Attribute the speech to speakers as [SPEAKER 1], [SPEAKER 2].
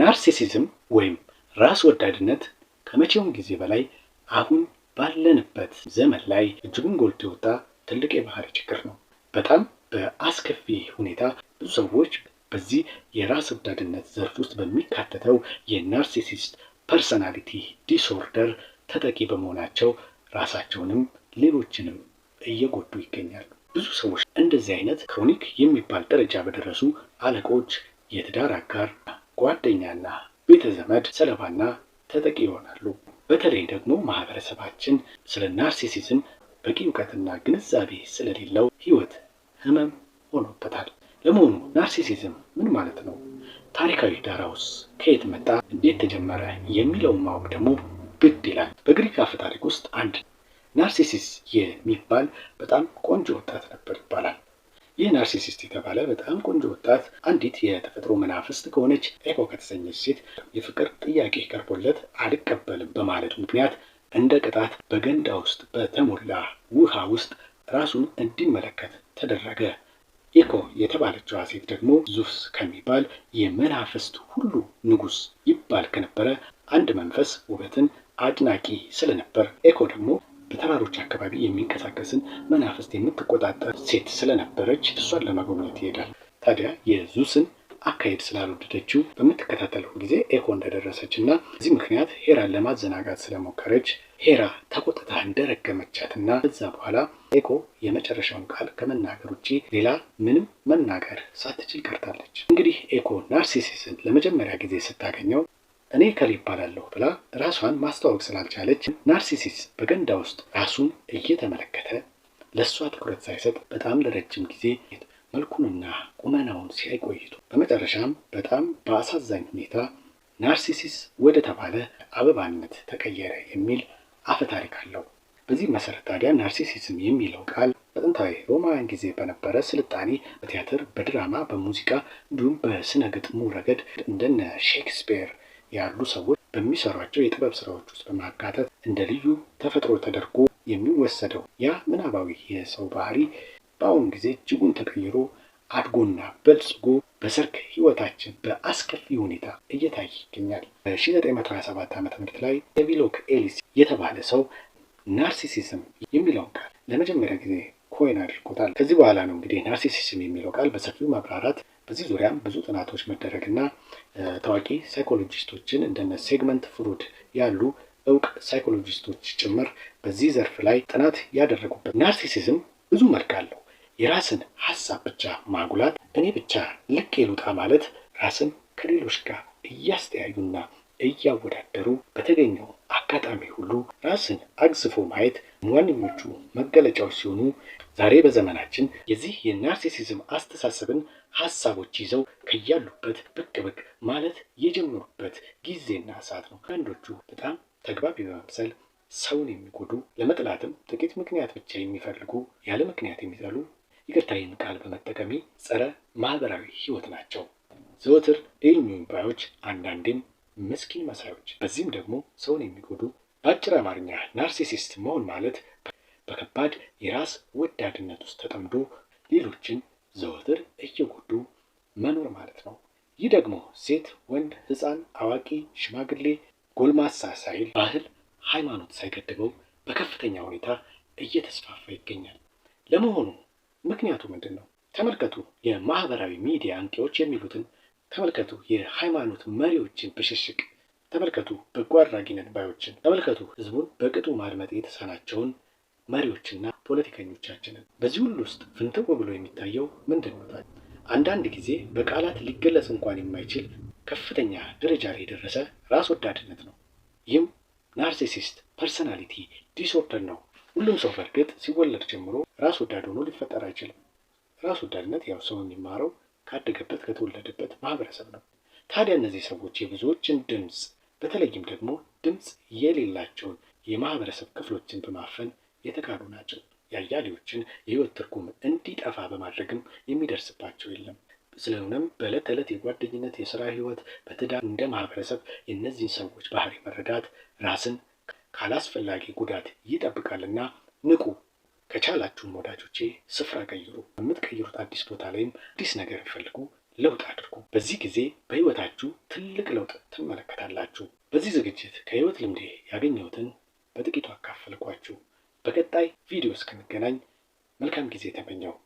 [SPEAKER 1] ናርሲሲዝም ወይም ራስ ወዳድነት ከመቼውም ጊዜ በላይ አሁን ባለንበት ዘመን ላይ እጅጉን ጎልቶ የወጣ ትልቅ የባህሪ ችግር ነው። በጣም በአስከፊ ሁኔታ ብዙ ሰዎች በዚህ የራስ ወዳድነት ዘርፍ ውስጥ በሚካተተው የናርሲሲስት ፐርሰናሊቲ ዲስኦርደር ተጠቂ በመሆናቸው ራሳቸውንም ሌሎችንም እየጎዱ ይገኛሉ። ብዙ ሰዎች እንደዚህ አይነት ክሮኒክ የሚባል ደረጃ በደረሱ አለቆች፣ የትዳር አጋር ጓደኛና ቤተ ዘመድ ሰለባና ተጠቂ ይሆናሉ። በተለይ ደግሞ ማህበረሰባችን ስለ ናርሲሲዝም በቂ እውቀትና ግንዛቤ ስለሌለው ሕይወት ህመም ሆኖበታል። ለመሆኑ ናርሲሲዝም ምን ማለት ነው? ታሪካዊ ዳራውስ ከየት መጣ? እንዴት ተጀመረ? የሚለውን ማወቅ ደግሞ ግድ ይላል። በግሪክ አፈ ታሪክ ውስጥ አንድ ናርሲሲስ የሚባል በጣም ቆንጆ ወጣት ነበር ይባላል። ይህ ናርሲሲስት የተባለ በጣም ቆንጆ ወጣት አንዲት የተፈጥሮ መናፍስት ከሆነች ኤኮ ከተሰኘች ሴት የፍቅር ጥያቄ ቀርቦለት አልቀበልም በማለቱ ምክንያት እንደ ቅጣት በገንዳ ውስጥ በተሞላ ውሃ ውስጥ ራሱን እንዲመለከት ተደረገ። ኢኮ የተባለችዋ ሴት ደግሞ ዙፍስ ከሚባል የመናፍስት ሁሉ ንጉስ ይባል ከነበረ አንድ መንፈስ ውበትን አድናቂ ስለነበር ኤኮ ደግሞ በተራሮች አካባቢ የሚንቀሳቀስን መናፍስት የምትቆጣጠር ሴት ስለነበረች እሷን ለመጎብኘት ይሄዳል። ታዲያ የዙስን አካሄድ ስላልወደደችው በምትከታተለው ጊዜ ኤኮ እንደደረሰች እና በዚህ ምክንያት ሄራን ለማዘናጋት ስለሞከረች ሄራ ተቆጥታ እንደረገመቻት እና ከዛ በኋላ ኤኮ የመጨረሻውን ቃል ከመናገር ውጭ ሌላ ምንም መናገር ሳትችል ቀርታለች። እንግዲህ ኤኮ ናርሲሲስን ለመጀመሪያ ጊዜ ስታገኘው እኔ ከል ይባላለሁ ብላ ራሷን ማስተዋወቅ ስላልቻለች ናርሲሲስ በገንዳ ውስጥ ራሱን እየተመለከተ ለእሷ ትኩረት ሳይሰጥ በጣም ለረጅም ጊዜ መልኩንና ቁመናውን ሲያይቆይቱ በመጨረሻም በጣም በአሳዛኝ ሁኔታ ናርሲሲስ ወደ ተባለ አበባነት ተቀየረ የሚል አፈ ታሪክ አለው። በዚህ መሰረት ታዲያ ናርሲሲዝም የሚለው ቃል በጥንታዊ ሮማውያን ጊዜ በነበረ ስልጣኔ በቲያትር፣ በድራማ፣ በሙዚቃ እንዲሁም በስነ ግጥሙ ረገድ እንደነ ሼክስፒር ያሉ ሰዎች በሚሰሯቸው የጥበብ ስራዎች ውስጥ በማካተት እንደ ልዩ ተፈጥሮ ተደርጎ የሚወሰደው ያ ምናባዊ የሰው ባህሪ በአሁኑ ጊዜ እጅጉን ተቀይሮ አድጎና በልጽጎ በሰርክ ህይወታችን በአስከፊ ሁኔታ እየታየ ይገኛል። በ1927 ዓ ም ላይ ዴቪሎክ ኤሊስ የተባለ ሰው ናርሲሲዝም የሚለውን ቃል ለመጀመሪያ ጊዜ ኮይን አድርጎታል። ከዚህ በኋላ ነው እንግዲህ ናርሲሲዝም የሚለው ቃል በሰፊው ማብራራት በዚህ ዙሪያም ብዙ ጥናቶች መደረግና ታዋቂ ሳይኮሎጂስቶችን እንደነ ሴግመንት ፍሩድ ያሉ እውቅ ሳይኮሎጂስቶች ጭምር በዚህ ዘርፍ ላይ ጥናት ያደረጉበት። ናርሲሲዝም ብዙ መልክ አለው። የራስን ሀሳብ ብቻ ማጉላት፣ እኔ ብቻ ልክ የሉጣ ማለት ራስን ከሌሎች ጋር እያስተያዩና እያወዳደሩ በተገኘው አጋጣሚ ሁሉ ራስን አግዝፎ ማየት ዋነኞቹ መገለጫዎች ሲሆኑ ዛሬ በዘመናችን የዚህ የናርሲሲዝም አስተሳሰብን ሀሳቦች ይዘው ከያሉበት ብቅ ብቅ ማለት የጀመሩበት ጊዜና ሰዓት ነው። አንዶቹ በጣም ተግባቢ በመምሰል ሰውን የሚጎዱ ለመጥላትም ጥቂት ምክንያት ብቻ የሚፈልጉ ያለ ምክንያት የሚጠሉ ይቅርታይን ቃል በመጠቀሚ ጸረ ማህበራዊ ህይወት ናቸው። ዘወትር ኤልሚባዮች አንዳንዴም ምስኪን መሳዮች። በዚህም ደግሞ ሰውን የሚጎዱ በአጭር አማርኛ ናርሲሲስት መሆን ማለት በከባድ የራስ ወዳድነት ውስጥ ተጠምዶ ሌሎችን ዘወትር እየጎዱ መኖር ማለት ነው። ይህ ደግሞ ሴት፣ ወንድ፣ ህፃን አዋቂ፣ ሽማግሌ፣ ጎልማሳ ሳይል ባህል፣ ሃይማኖት ሳይገድበው በከፍተኛ ሁኔታ እየተስፋፋ ይገኛል። ለመሆኑ ምክንያቱ ምንድን ነው? ተመልከቱ የማህበራዊ ሚዲያ አንቂዎች የሚሉትን ተመልከቱ የሃይማኖት መሪዎችን ብሽሽቅ፣ ተመልከቱ በጎ አድራጊነት ባዮችን፣ ተመልከቱ ህዝቡን በቅጡ ማድመጥ የተሳናቸውን መሪዎችና ፖለቲከኞቻችንን። በዚህ ሁሉ ውስጥ ፍንትው ብሎ የሚታየው ምንድን ነው? አንዳንድ ጊዜ በቃላት ሊገለጽ እንኳን የማይችል ከፍተኛ ደረጃ ላይ የደረሰ ራስ ወዳድነት ነው። ይህም ናርሲሲስት ፐርሰናሊቲ ዲስኦርደር ነው። ሁሉም ሰው በእርግጥ ሲወለድ ጀምሮ ራስ ወዳድ ሆኖ ሊፈጠር አይችልም። ራስ ወዳድነት ያው ሰው የሚማረው ካደገበት ከተወለደበት ማህበረሰብ ነው። ታዲያ እነዚህ ሰዎች የብዙዎችን ድምፅ በተለይም ደግሞ ድምፅ የሌላቸውን የማህበረሰብ ክፍሎችን በማፈን የተካሉ ናቸው። የአያሌዎችን የህይወት ትርጉም እንዲጠፋ በማድረግም የሚደርስባቸው የለም። ስለሆነም በዕለት ተዕለት የጓደኝነት፣ የስራ ህይወት፣ በትዳር እንደ ማህበረሰብ የእነዚህን ሰዎች ባህሪ መረዳት ራስን ካላስፈላጊ ጉዳት ይጠብቃልና ንቁ ከቻላችሁም ወዳጆቼ ስፍራ ቀይሩ። በምትቀይሩት አዲስ ቦታ ላይም አዲስ ነገር ቢፈልጉ ለውጥ አድርጉ። በዚህ ጊዜ በህይወታችሁ ትልቅ ለውጥ ትመለከታላችሁ። በዚህ ዝግጅት ከህይወት ልምዴ ያገኘሁትን በጥቂቱ አካፈልኳችሁ። በቀጣይ ቪዲዮ እስክንገናኝ መልካም ጊዜ ተመኘው።